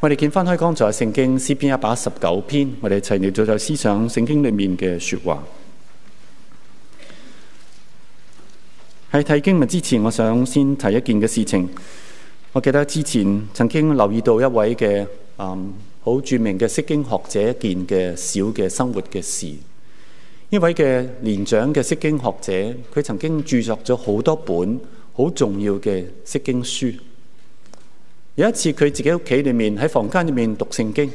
我哋見翻開剛才聖經詩篇一百一十九篇，我哋一齊嚟做做思想聖經裏面嘅說話。喺睇經文之前，我想先提一件嘅事情。我記得之前曾經留意到一位嘅嗯好著名嘅釋經學者，一件嘅小嘅生活嘅事。呢位嘅年長嘅釋經學者，佢曾經著作咗好多本好重要嘅釋經書。有一次佢自己屋企裏面喺房間裏面讀聖經，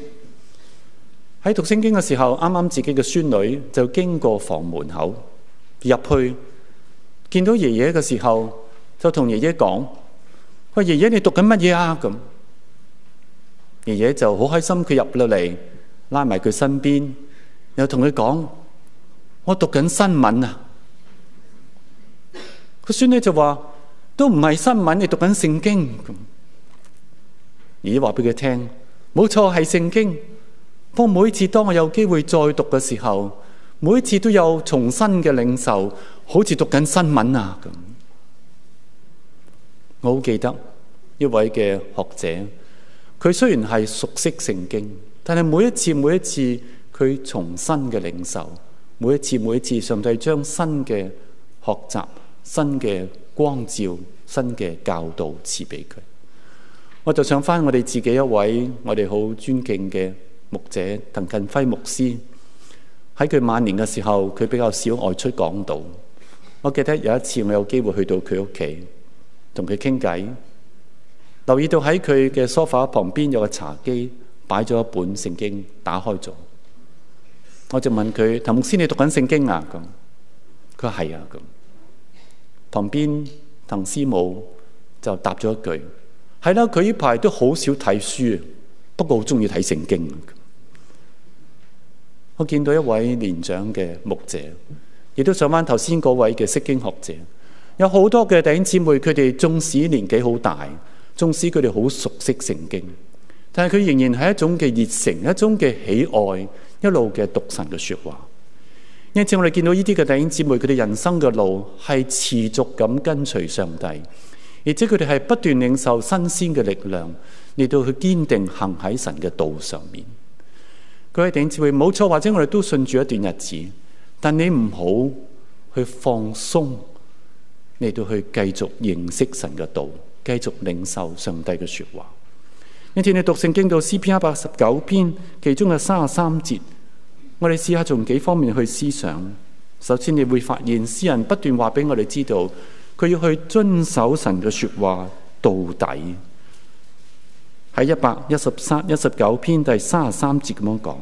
喺讀聖經嘅時候，啱啱自己嘅孫女就經過房門口入去，見到爺爺嘅時候就同爺爺講：喂，爺爺你讀緊乜嘢啊？咁爺爺就好開心，佢入到嚟拉埋佢身邊，又同佢講：我讀緊新聞啊！佢孫女就話：都唔係新聞，你讀緊聖經咁。而話俾佢聽，冇錯係聖經。不過每一次當我有機會再讀嘅時候，每一次都有重新嘅領受，好似讀緊新聞啊咁。我好記得一位嘅學者，佢雖然係熟悉聖經，但係每一次每一次佢重新嘅領受，每一次每一次上帝將新嘅學習、新嘅光照、新嘅教導賜俾佢。我就想翻我哋自己一位我哋好尊敬嘅牧者滕近輝牧師，喺佢晚年嘅時候，佢比較少外出講道。我記得有一次我有機會去到佢屋企同佢傾偈，留意到喺佢嘅梳化旁邊有個茶几，擺咗一本聖經打開咗。我就問佢：滕牧師你讀緊聖經啊？咁佢係啊咁。旁邊滕師母就答咗一句。係啦，佢呢排都好少睇書，不過好中意睇聖經。我見到一位年長嘅牧者，亦都上翻頭先嗰位嘅釋經學者，有好多嘅弟兄姊妹，佢哋縱使年紀好大，縱使佢哋好熟悉聖經，但係佢仍然係一種嘅熱誠，一種嘅喜愛，一路嘅讀神嘅說話。因此，我哋見到呢啲嘅弟兄姊妹，佢哋人生嘅路係持續咁跟隨上帝。而且佢哋係不斷領受新鮮嘅力量，嚟到去堅定行喺神嘅道上面。各位弟兄姊妹，冇錯，或者我哋都信住一段日子，但你唔好去放鬆，嚟到去繼續認識神嘅道，繼續領受上帝嘅說話。因此你讀聖經到詩篇一百十九篇，其中嘅三十三節，我哋試下從幾方面去思想。首先你會發現，詩人不斷話俾我哋知道。佢要去遵守神嘅說話到底，喺一百一十三一十九篇第三十三節咁樣講。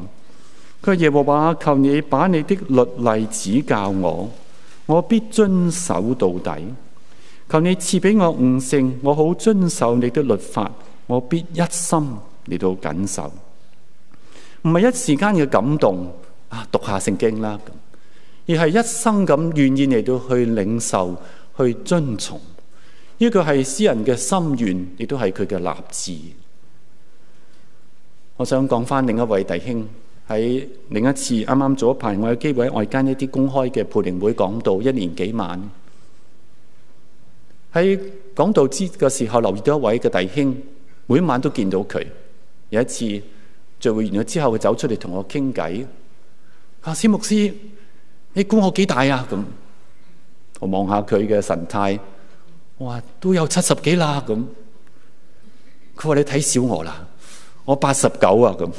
佢話：耶和華，求你把你的律例指教我，我必遵守到底。求你賜俾我悟性，我好遵守你的律法，我必一心嚟到謹守，唔係一時間嘅感動啊讀下聖經啦，而係一生咁願意嚟到去領受。去遵從呢個係私人嘅心願，亦都係佢嘅立志。我想講翻另一位弟兄喺另一次啱啱早一排，我有機會喺外間一啲公開嘅培靈會講道一年幾晚。喺講道之嘅時候留意到一位嘅弟兄，每晚都見到佢。有一次聚會完咗之後，佢走出嚟同我傾偈。啊，蕭牧師，你估我幾大啊？咁。我望下佢嘅神態，我話都有七十幾啦咁。佢話你睇小我啦，我八十九啊咁。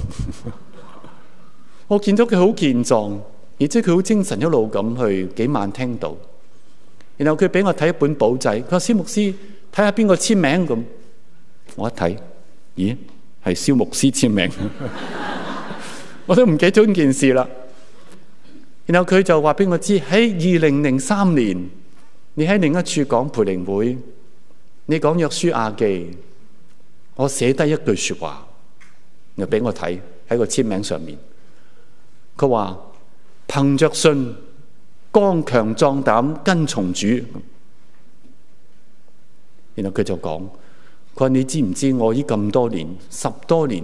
我見到佢好健壯，而且佢好精神一路咁去幾晚聽到。然後佢俾我睇一本簿仔，佢話肖牧師，睇下邊個簽名咁。我一睇，咦，係肖牧師簽名， 我都唔記得咗呢件事啦。然後佢就話俾我知喺二零零三年。你喺另一處講培靈會，你講約書亞記，我寫低一句說話，又畀我睇，喺個簽名上面。佢話憑着信，剛強壯膽，跟從主。然後佢就講，佢話你知唔知我呢咁多年，十多年，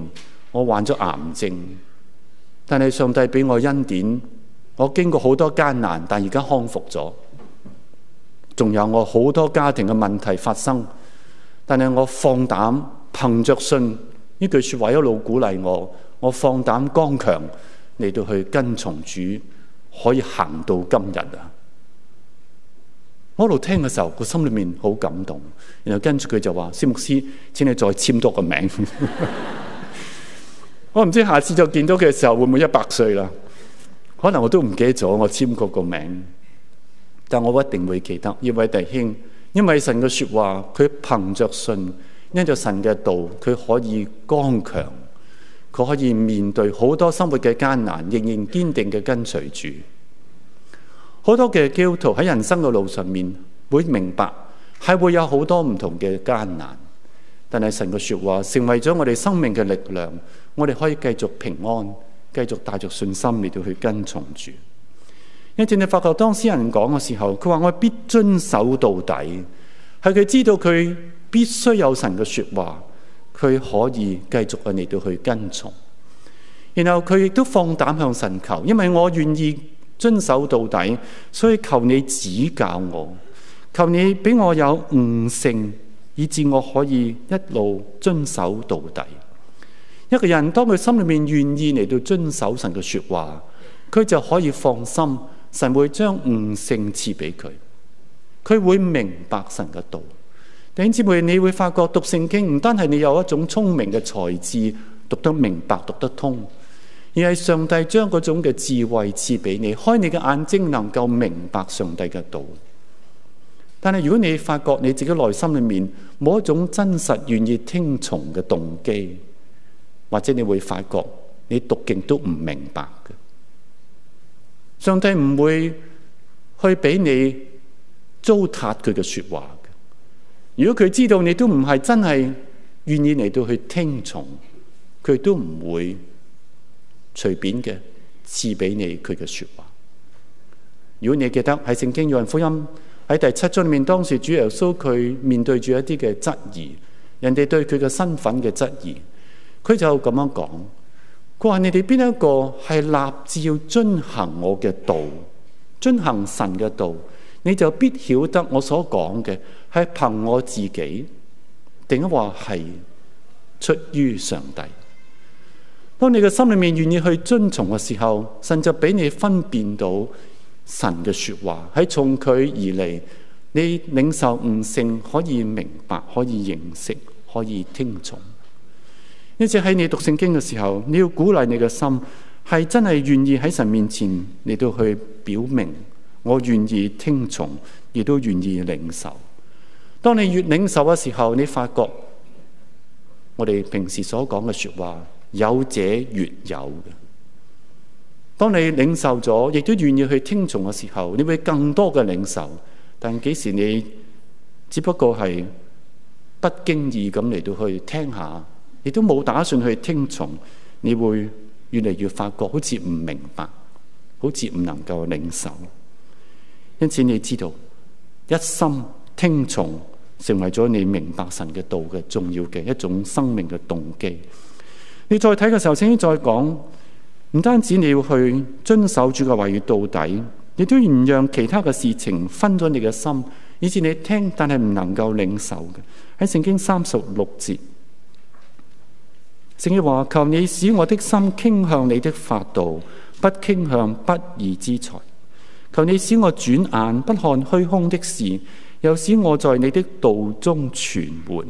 我患咗癌症，但係上帝畀我恩典，我經過好多艱難，但而家康復咗。仲有我好多家庭嘅問題發生，但係我放膽憑着信呢句説話一路鼓勵我，我放膽剛強嚟到去跟從主，可以行到今日啊！我一路聽嘅時候，個心裏面好感動，然後跟住佢就話：蕭 牧師，請你再簽多個名。 我唔知下次再見到嘅時候會唔會一百歲啦？可能我都唔記得咗我簽過個名。但我一定會記得，一位弟兄，因為神嘅說話，佢憑着信，因着神嘅道，佢可以剛強，佢可以面對好多生活嘅艱難，仍然堅定嘅跟隨主。好多嘅基督徒喺人生嘅路上面，會明白係會有好多唔同嘅艱難，但係神嘅說話成為咗我哋生命嘅力量，我哋可以繼續平安，繼續帶着信心嚟到去跟從主。一正你發覺當事人講嘅時候，佢話我必遵守到底，係佢知道佢必須有神嘅說話，佢可以繼續去嚟到去跟從。然後佢亦都放膽向神求，因為我願意遵守到底，所以求你指教我，求你俾我有悟性，以至我可以一路遵守到底。一個人當佢心裏面願意嚟到遵守神嘅說話，佢就可以放心。神會將悟性賜俾佢，佢會明白神嘅道。弟兄姊妹，你會發覺讀聖經唔單係你有一種聰明嘅才智，讀得明白、讀得通，而係上帝將嗰種嘅智慧賜俾你，開你嘅眼睛，能夠明白上帝嘅道。但係如果你發覺你自己內心裏面冇一種真實願意聽從嘅動機，或者你會發覺你讀經都唔明白嘅。上帝唔會去俾你糟蹋佢嘅說話。如果佢知道你都唔係真係願意嚟到去聽從，佢都唔會隨便嘅賜俾你佢嘅說話。如果你記得喺聖經約翰福音喺第七章裏面，當時主耶穌佢面對住一啲嘅質疑，人哋對佢嘅身份嘅質疑，佢就咁樣講。佢話你哋邊一個係立志要遵行我嘅道，遵行神嘅道，你就必曉得我所講嘅係憑我自己，定話係出於上帝。當你嘅心裏面願意去遵從嘅時候，神就俾你分辨到神嘅說話係從佢而嚟，你領受悟性可以明白，可以認識，可以聽從。呢次喺你讀聖經嘅時候，你要鼓勵你嘅心係真係願意喺神面前，你都去表明我願意聽從，亦都願意領受。當你越領受嘅時候，你發覺我哋平時所講嘅說話有者越有嘅。當你領受咗，亦都願意去聽從嘅時候，你會更多嘅領受。但幾時你只不過係不經意咁嚟到去聽下？亦都冇打算去聽從，你會越嚟越發覺好似唔明白，好似唔能夠領受。因此你知道，一心聽從成為咗你明白神嘅道嘅重要嘅一種生命嘅動機。你再睇嘅時候，請你再講，唔單止你要去遵守主嘅話語到底，亦都唔讓其他嘅事情分咗你嘅心，以至你聽但係唔能夠領受嘅。喺聖經三十六節。正如話：求你使我的心傾向你的法度，不傾向不義之財。求你使我轉眼不看虛空的事，又使我在你的道中存活。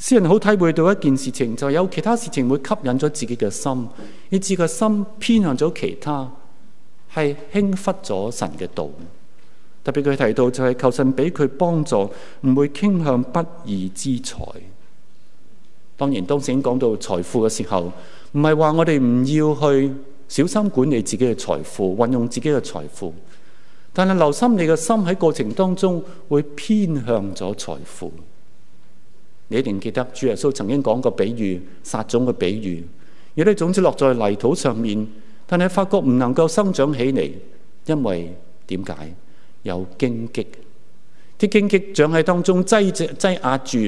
詩人好體會到一件事情，就是、有其他事情會吸引咗自己嘅心，以致個心偏向咗其他，係輕忽咗神嘅道。特別佢提到就係求神俾佢幫助，唔會傾向不義之財。當然，當時已經講到財富嘅時候，唔係話我哋唔要去小心管理自己嘅財富，運用自己嘅財富。但係留心你嘅心喺過程當中會偏向咗財富。你一定記得主耶穌曾經講過比喻，撒種嘅比喻。有啲種子落在泥土上面，但係發覺唔能夠生長起嚟，因為點解？有荊棘，啲荊棘長喺當中擠擠壓住。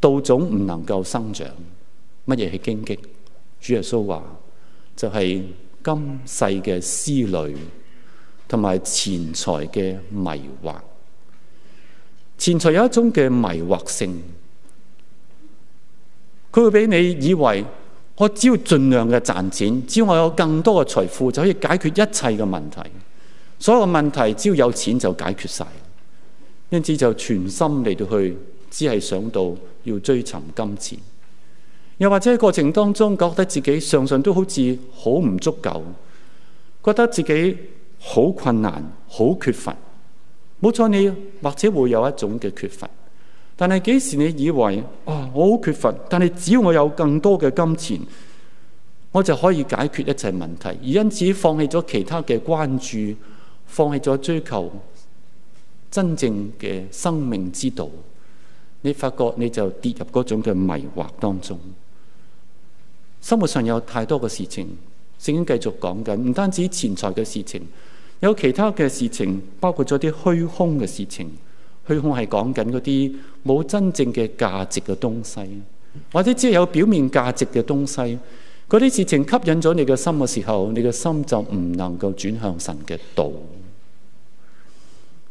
道種唔能夠生長，乜嘢係荊棘？主耶穌話：就係、是、今世嘅思慮，同埋錢財嘅迷惑。錢財有一種嘅迷惑性，佢會俾你以為，我只要盡量嘅賺錢，只要我有更多嘅財富，就可以解決一切嘅問題。所有嘅問題，只要有錢就解決晒。因此就全心嚟到去。只係想到要追尋金錢，又或者喺過程當中覺得自己常常都好似好唔足夠，覺得自己好困難、好缺乏。冇錯，你或者會有一種嘅缺乏，但係幾時你以為啊，哦，我好缺乏，但係只要我有更多嘅金錢，我就可以解決一切問題，而因此放棄咗其他嘅關注，放棄咗追求真正嘅生命之道。你發覺你就跌入嗰種嘅迷惑當中，生活上有太多嘅事情，聖經繼續講緊，唔單止錢財嘅事情，有其他嘅事情，包括咗啲虛空嘅事情。虛空係講緊嗰啲冇真正嘅價值嘅東西，或者只有表面價值嘅東西，嗰啲事情吸引咗你嘅心嘅時候，你嘅心就唔能夠轉向神嘅道。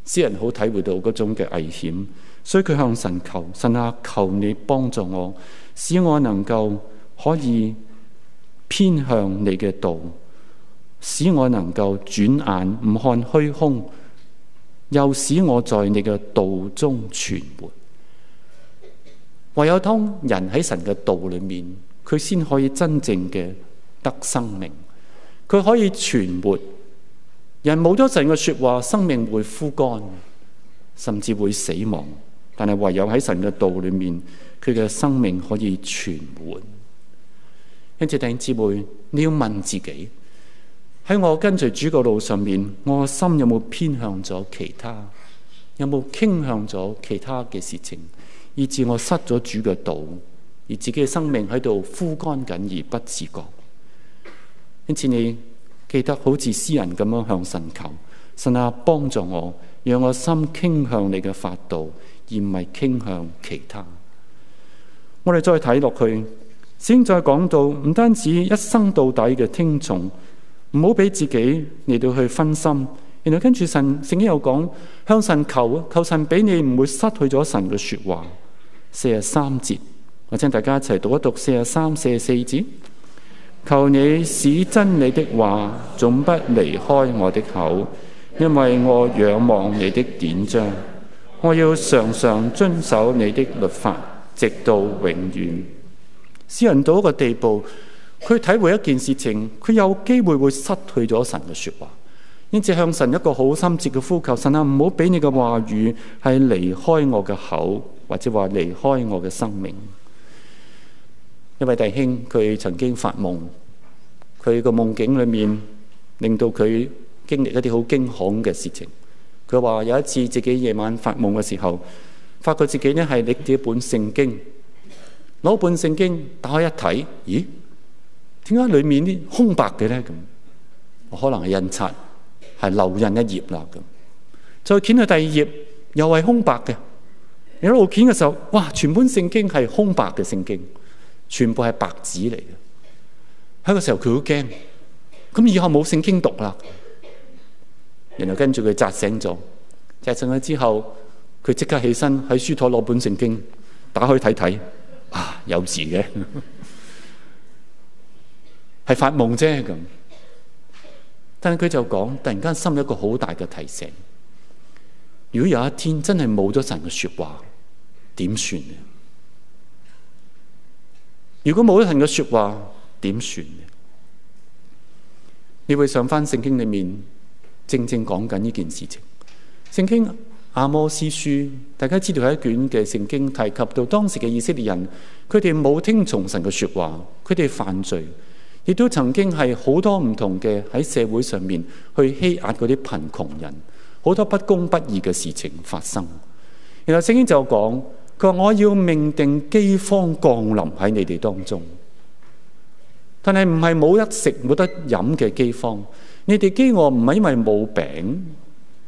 詩人好體會到嗰種嘅危險。所以佢向神求，神啊，求你幫助我，使我能夠可以偏向你嘅道，使我能夠轉眼唔看虛空，又使我在你嘅道中存活。唯有當人喺神嘅道裏面，佢先可以真正嘅得生命，佢可以存活。人冇咗神嘅說話，生命會枯乾，甚至會死亡。但係唯有喺神嘅道裏面，佢嘅生命可以存活。因此，弟兄姊妹，你要問自己：喺我跟隨主嘅路上面，我心有冇偏向咗其他？有冇傾向咗其他嘅事情，以致我失咗主嘅道，而自己嘅生命喺度枯乾緊而不自覺？因此，你記得好似詩人咁樣向神求，神啊，幫助我，讓我心傾向你嘅法度。而唔係傾向其他。我哋再睇落去，先再講到唔單止一生到底嘅聽從，唔好俾自己嚟到去分心。然後跟住神，聖經又講，向神求啊，求神俾你唔會失去咗神嘅說話。四十三節，我請大家一齊讀一讀四十三、四十四節。求你使真理的話，總不離開我的口，因為我仰望你的典章。我要常常遵守你的律法，直到永遠。詩人到一個地步，佢體會一件事情，佢有機會會失去咗神嘅說話，因此向神一個好深切嘅呼求：神啊，唔好俾你嘅話語係離開我嘅口，或者話離開我嘅生命。一位弟兄，佢曾經發夢，佢個夢境裏面令到佢經歷一啲好驚恐嘅事情。佢話有一次自己夜晚發夢嘅時候，發覺自己咧係拎住一本聖經，攞本聖經打開一睇，咦？點解裡面啲空白嘅咧？咁可能係印刷係漏印一頁啦。咁再掀去第二頁，又係空白嘅。你一路掀嘅時候，哇！全本聖經係空白嘅聖經，全部係白紙嚟嘅。喺個時候佢好驚，咁以後冇聖經讀啦。然後跟住佢扎醒咗，扎醒咗之後，佢即刻起身喺書台攞本聖經，打開睇睇，啊，有字嘅，係發 夢啫咁。但係佢就講，突然間心有一個好大嘅提醒：如果有一天真係冇咗神嘅說話，點算？如果冇咗神嘅說話，點算？你會上翻聖經裡面？正正講緊呢件事情。聖經阿摩司書，大家知道係一卷嘅聖經，提及到當時嘅以色列人，佢哋冇聽從神嘅説話，佢哋犯罪，亦都曾經係好多唔同嘅喺社會上面去欺壓嗰啲貧窮人，好多不公不義嘅事情發生。然後聖經就講，佢話我要命定饑荒降臨喺你哋當中，但係唔係冇得食冇得飲嘅饑荒。你哋飢餓唔係因為冇餅，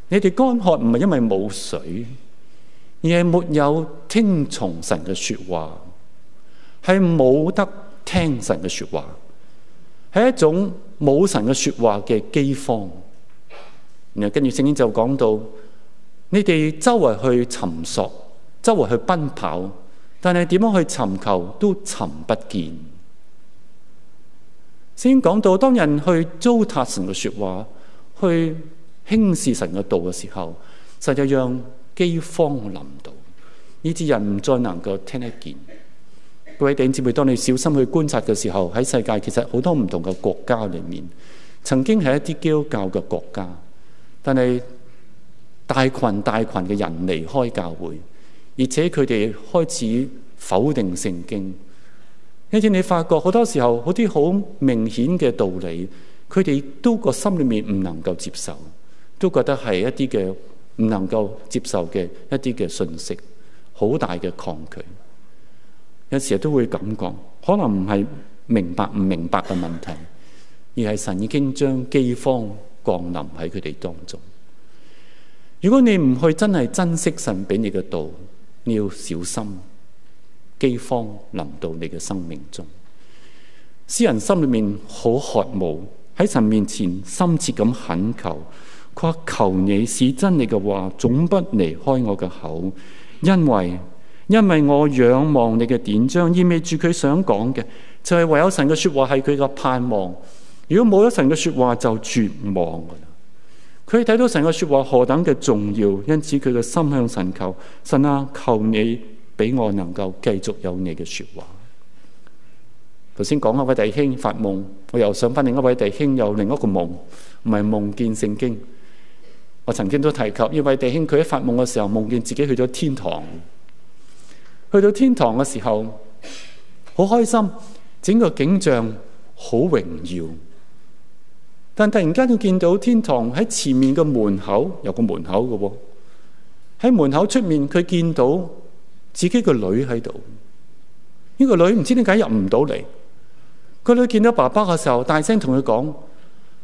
你哋乾渴唔係因為冇水，而係沒有聽從神嘅説話，係冇得聽神嘅説話，係一種冇神嘅説話嘅饑荒。然後跟住聖經就講到，你哋周圍去尋索，周圍去奔跑，但係點樣去尋求都尋不見。先講到，當人去糟蹋神嘅説話，去輕視神嘅道嘅時候，實在讓饑荒臨到，呢啲人唔再能夠聽得見。各位弟兄姊妹，當你小心去觀察嘅時候，喺世界其實好多唔同嘅國家裏面，曾經係一啲基督教嘅國家，但係大群大群嘅人離開教會，而且佢哋開始否定聖經。因此你發覺好多時候，好啲好明顯嘅道理，佢哋都個心裏面唔能夠接受，都覺得係一啲嘅唔能夠接受嘅一啲嘅信息，好大嘅抗拒。有時候都會咁講，可能唔係明白唔明白嘅問題，而係神已經將饑荒降臨喺佢哋當中。如果你唔去真係珍惜神俾你嘅道，你要小心。饑荒臨到你嘅生命中，詩人心裏面好渴慕，喺神面前深切咁懇求，佢話，求你是真理嘅話，總不離開我嘅口，因為因為我仰望你嘅典章，意味住佢想講嘅，就係、是、唯有神嘅說話係佢嘅盼望。如果冇咗神嘅說話就絕望噶啦，佢睇到神嘅說話何等嘅重要，因此佢嘅心向神求，神啊，求你。俾我能夠繼續有你嘅說話。頭先講一位弟兄發夢，我又想翻另一位弟兄，有另一個夢，唔係夢見聖經。我曾經都提及一位弟兄，佢喺發夢嘅時候夢見自己去咗天堂。去到天堂嘅時候，好開心，整個景象好榮耀。但突然間佢見到天堂喺前面嘅門口有個門口嘅喎，喺門口出面佢見到。自己個女喺度，呢個女唔知點解入唔到嚟。個女見到爸爸嘅時候，大聲同佢講，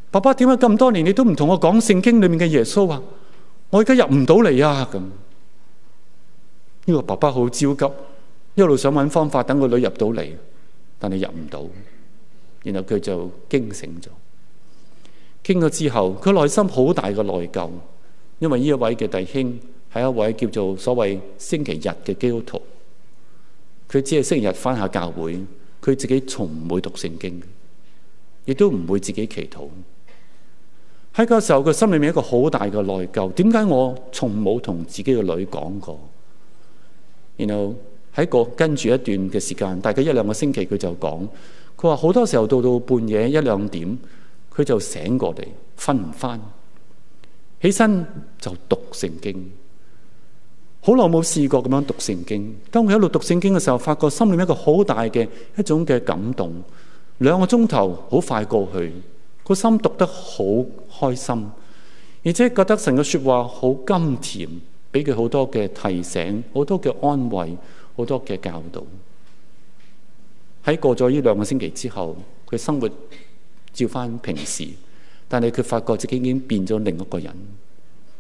爸爸，點解咁多年你都唔同我講聖經裏面嘅耶穌啊？我而家入唔到嚟啊！咁呢個爸爸好焦急，一路想揾方法等個女入到嚟，但係入唔到。然後佢就驚醒咗。驚咗之後，佢內心好大嘅內疚，因為呢一位嘅弟兄。係一位叫做所謂星期日嘅基督徒，佢只係星期日返下教會，佢自己從唔會讀聖經，亦都唔會自己祈禱。喺個時候，佢心裡面一個好大嘅內疚，點解我從冇同自己嘅女講過？然後喺個跟住一段嘅時間，大概一兩個星期他就，佢就講：佢話好多時候到到半夜一兩點，佢就醒過嚟，瞓唔返，起身就讀聖經。好耐冇試過咁樣讀聖經。當佢一路讀聖經嘅時候，發覺心裏面一個好大嘅一種嘅感動。兩個鐘頭好快過去，個心讀得好開心，而且覺得神嘅説話好甘甜，俾佢好多嘅提醒、好多嘅安慰、好多嘅教導。喺過咗呢兩個星期之後，佢生活照翻平時，但係佢發覺自己已經變咗另一個人。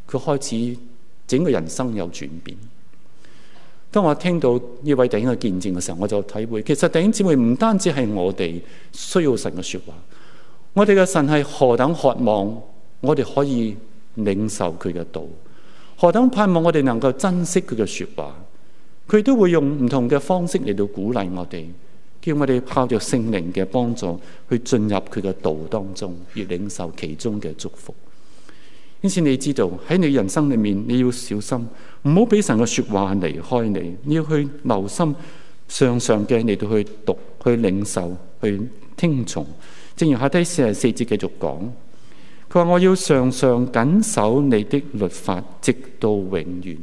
佢開始整個人生有轉變。當我聽到呢位弟兄嘅見證嘅時候，我就體會，其實弟兄姊妹唔單止係我哋需要神嘅説話，我哋嘅神係何等渴望我哋可以領受佢嘅道，何等盼望我哋能夠珍惜佢嘅説話，佢都會用唔同嘅方式嚟到鼓勵我哋，叫我哋靠着聖靈嘅幫助去進入佢嘅道當中，而領受其中嘅祝福。因此你知道喺你人生裏面你要小心，唔好俾神嘅說話離開你，你要去留心，常常嘅你都去讀、去領受、去聽從。正如下低四十四節繼續講，佢話，我要常常緊守你的律法，直到永遠，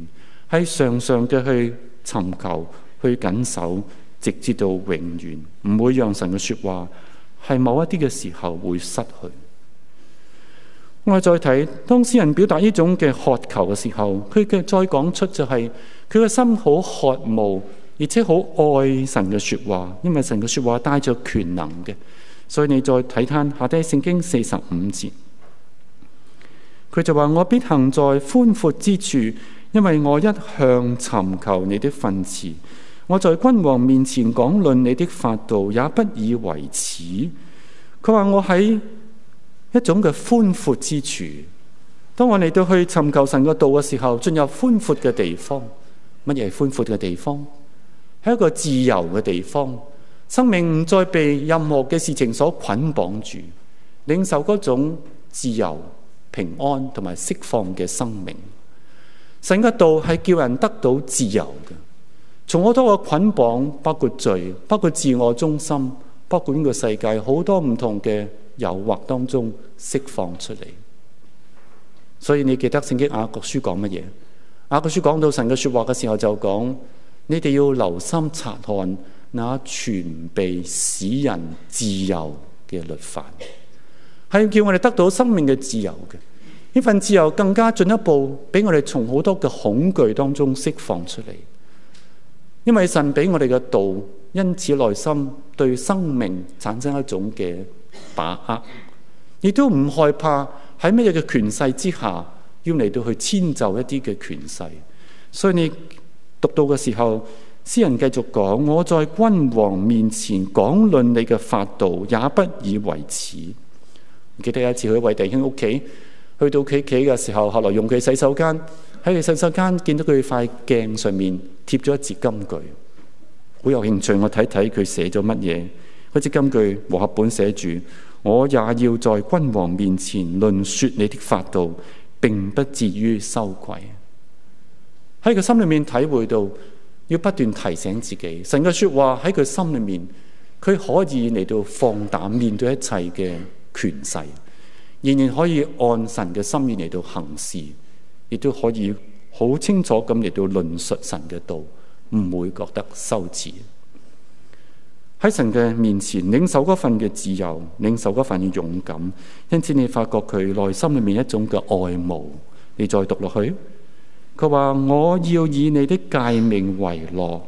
係常常嘅去尋求、去緊守，直至到永遠，唔會讓神嘅說話係某一啲嘅時候會失去。我再睇，當詩人表達呢種嘅渴求嘅時候，佢嘅再講出就係佢嘅心好渴慕，而且好愛神嘅說話，因為神嘅說話帶咗權能嘅。所以你再睇睇下，低聖經四十五節，佢就話：我必行在寬闊之處，因為我一向尋求你的訓詞。我在君王面前講論你的法度，也不以為恥。佢話我喺。一種嘅寬闊之處，當我哋嚟到去尋求神嘅道嘅時候，進入寬闊嘅地方，乜嘢係寬闊嘅地方？係一個自由嘅地方，生命唔再被任何嘅事情所捆綁住，領受嗰種自由、平安同埋釋放嘅生命。神嘅道係叫人得到自由嘅，從好多嘅捆綁包，包括罪，包括自我中心，包括呢個世界好多唔同嘅。誘惑當中釋放出嚟，所以你記得《聖經雅各書》講乜嘢？雅各書講到神嘅說話嘅時候就，就講你哋要留心察看那全備使人自由嘅律法，係要叫我哋得到生命嘅自由嘅呢份自由，更加進一步俾我哋從好多嘅恐懼當中釋放出嚟，因為神俾我哋嘅道，因此內心對生命產生一種嘅。把握，亦都唔害怕喺咩嘢嘅權勢之下，要嚟到去遷就一啲嘅權勢。所以你讀到嘅時候，詩人繼續講：「我在君王面前講論你嘅法度，也不以為恥。記得有一次去惠弟兄屋企，去到佢屋企嘅時候，後來用佢洗手間，喺佢洗手間見到佢塊鏡上面貼咗一節金句，好有興趣，我睇睇佢寫咗乜嘢。不知根據和合本寫住，我也要在君王面前論說你的法度，並不至於羞愧。喺佢心裏面體會到，要不斷提醒自己，神嘅說話喺佢心裏面，佢可以嚟到放膽面對一切嘅權勢，仍然可以按神嘅心意嚟到行事，亦都可以好清楚咁嚟到論述神嘅道，唔會覺得羞恥。喺神嘅面前，領受嗰份嘅自由，領受嗰份嘅勇敢，因此你發覺佢內心裏面一種嘅愛慕。你再讀落去，佢話：我要以你的誡命為樂，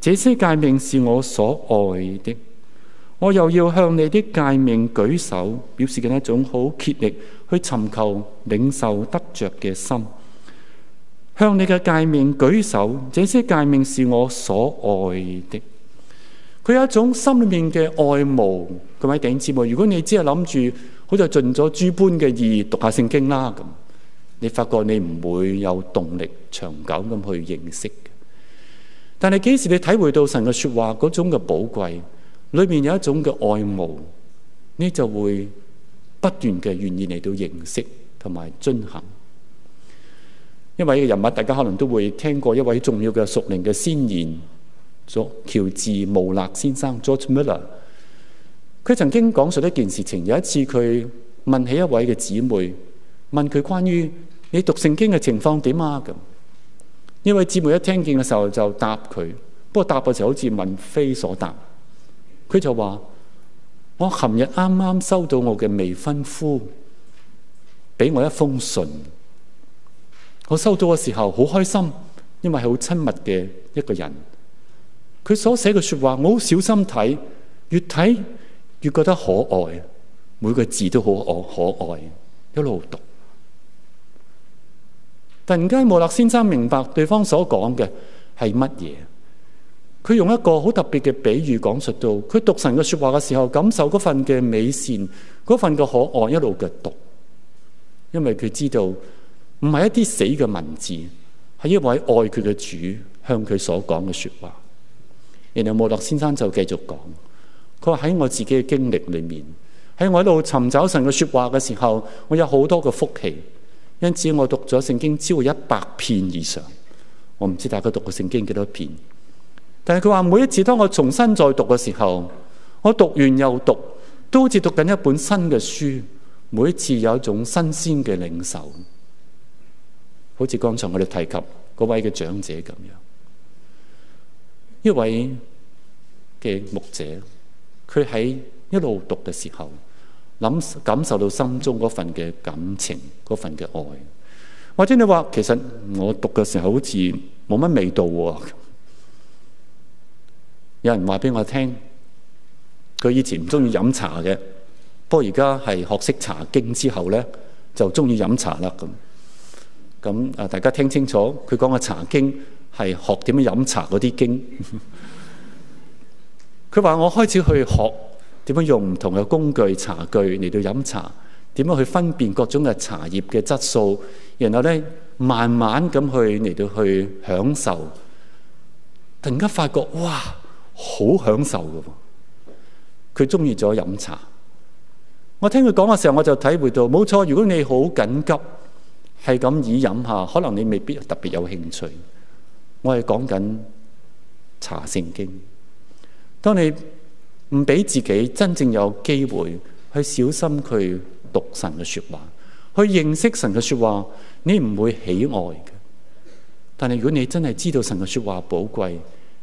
這些誡命是我所愛的。我又要向你的誡命舉手，表示緊一種好竭力去尋求領受得着嘅心，向你嘅誡命舉手。這些誡命是我所愛的。佢有一種心裏面嘅愛慕，咁樣頂住。如果你只係諗住，好似係盡咗諸般嘅意義讀下聖經啦咁，你發覺你唔會有動力長久咁去認識。但係幾時你體會到神嘅説話嗰種嘅寶貴，裏面有一種嘅愛慕，你就會不斷嘅願意嚟到認識同埋遵行。因為呢個人物，大家可能都會聽過一位重要嘅屬靈嘅先賢。佐喬治·毛勒先生 （George Miller），佢曾經講述一件事情。有一次，佢問起一位嘅姊妹，問佢關於你讀聖經嘅情況點啊？咁呢位姊妹一聽見嘅時候就答佢，不過答嘅時候好似問非所答。佢就話：我琴日啱啱收到我嘅未婚夫俾我一封信，我收到嘅時候好開心，因為係好親密嘅一個人。佢所寫嘅說話，我好小心睇，越睇越覺得可愛。每個字都好可可愛，一路讀。突然間，莫勒先生明白對方所講嘅係乜嘢。佢用一個好特別嘅比喻，講述到佢讀神嘅說話嘅時候，感受嗰份嘅美善，嗰份嘅可愛，一路嘅讀。因為佢知道唔係一啲死嘅文字，係一位愛佢嘅主向佢所講嘅說話。然後莫洛先生就繼續講，佢話，喺我自己嘅經歷裏面，喺我喺度尋找神嘅說話嘅時候，我有好多嘅福氣，因此我讀咗聖經超過一百遍以上。我唔知大家讀過聖經幾多遍，但係佢話每一次當我重新再讀嘅時候，我讀完又讀，都好似讀緊一本新嘅書，每一次有一種新鮮嘅領受，好似剛才我哋提及嗰位嘅長者咁樣。呢位嘅牧者，佢喺一路讀嘅時候，諗感受到心中嗰份嘅感情，嗰份嘅愛，或者你話其實我讀嘅時候好似冇乜味道喎，哦。有人話俾我聽，佢以前唔中意飲茶嘅，不過而家係學識茶經之後咧，就中意飲茶啦。咁咁啊，大家聽清楚，佢講嘅茶經。係學點樣飲茶嗰啲經，佢 話我開始去學點樣用唔同嘅工具茶具嚟到飲茶，點樣去分辨各種嘅茶葉嘅質素，然後咧慢慢咁去嚟到去享受。突然間發覺，哇，好享受噶噃！佢中意咗飲茶。我聽佢講嘅時候，我就體會到冇錯。如果你好緊急，係咁以飲下，可能你未必特別有興趣。我係講緊查聖經。當你唔俾自己真正有機會去小心去讀神嘅說話，去認識神嘅說話，你唔會喜愛嘅。但係如果你真係知道神嘅說話寶貴，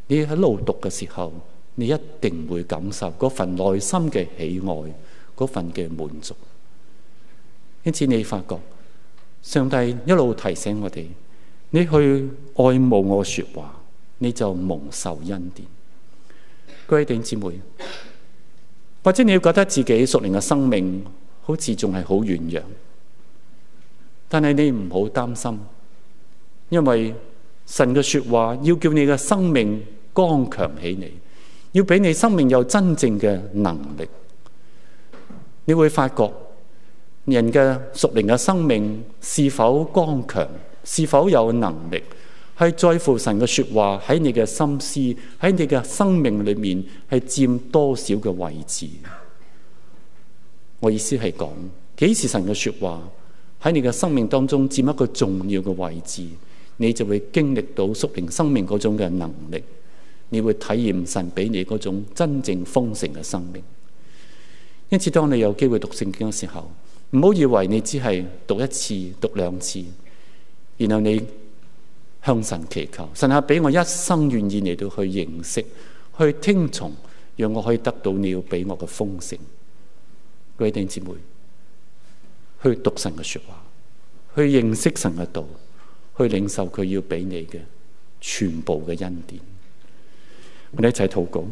你喺度讀嘅時候，你一定會感受嗰份內心嘅喜愛，嗰份嘅滿足。因此你發覺，上帝一路提醒我哋。你去愛慕我說話，你就蒙受恩典。各位弟兄姊妹，或者你要覺得自己屬靈嘅生命好似仲係好軟弱，但係你唔好擔心，因為神嘅說話要叫你嘅生命剛強起嚟，要俾你生命有真正嘅能力。你會發覺人嘅屬靈嘅生命是否剛強？是否有能力係在乎神嘅說話，喺你嘅心思，喺你嘅生命裏面係佔多少嘅位置？我意思係講，幾時神嘅說話喺你嘅生命當中佔一個重要嘅位置，你就會經歷到屬靈生命嗰種嘅能力，你會體驗神俾你嗰種真正豐盛嘅生命。因此，當你有機會讀聖經嘅時候，唔好以為你只係讀一次、讀兩次。然後你向神祈求，神啊，畀我一生願意嚟到去認識、去聽從，讓我可以得到你要畀我嘅豐盛。各位弟兄姊妹，去讀神嘅說話，去認識神嘅道，去領受佢要畀你嘅全部嘅恩典。我哋一齊禱告。